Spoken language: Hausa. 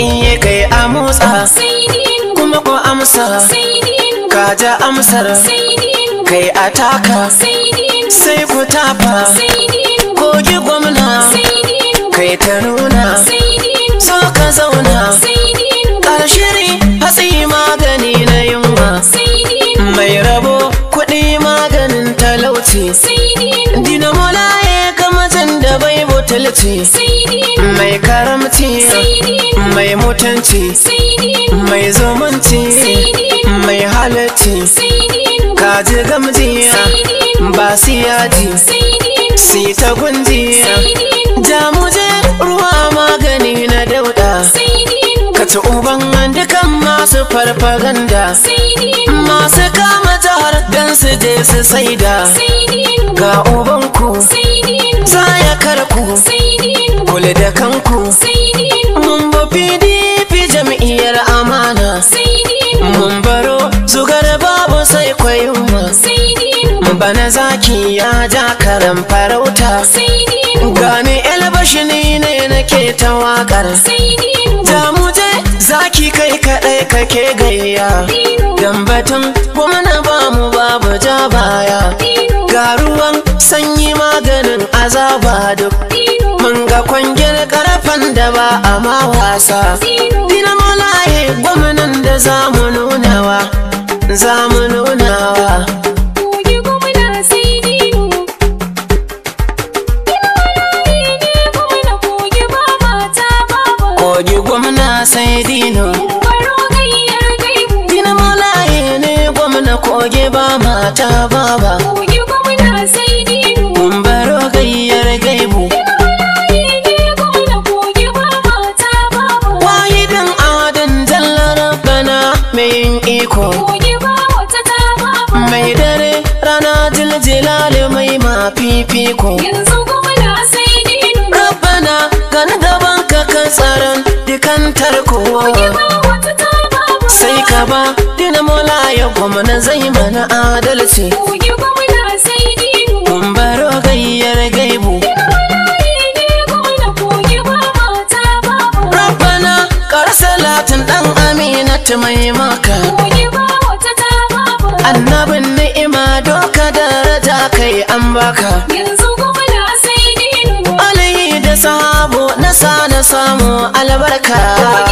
in ya kai a motsa kuma ko amsa ka ja amsar kai a taka sai ku tafa kogi gwamna kai ta nuna so ka zauna ƙarshiri hatsi magani na yunwa mai rabo kuɗi maganin talauci dinamo laye kamatan da bai mai karamci mai mutunci mai zumunci mai halarci kaji gamjiya ba siyaji si ta gunjiya jamuje ruwa magani na dauda ka ci uban dukan masu farfaganda masu kama jihar don su je su saida ga ubanku za ya karku kule da kanku PDP jam'iyyar amana mun baro zugar babu sai kwayuma bana zaki ya ja karan farauta gani elbashi ni ne nake ta wakar je zaki kai kadai kake gayya dan kuma gwamna ba mu babu ja baya ga sanyi maganin azaba duk mun ga kwangiyar nan ba a ma wasa Dina malaye gwamnan da zamu mu nunawa zamu mu nunawa Kogi gwamna sai dino Dina malaye ne gwamna kogi ba mata baba iko mai dare rana jiljilale mai ma yanzu kuma na sai daban ka kan tsaron dukan tarko sai ka ba dinamola ya na zai mana adalci ta mai maka annabin ni'ima doka daraja kai an baka Yanzu alayi da sahabo na sa na samu albarka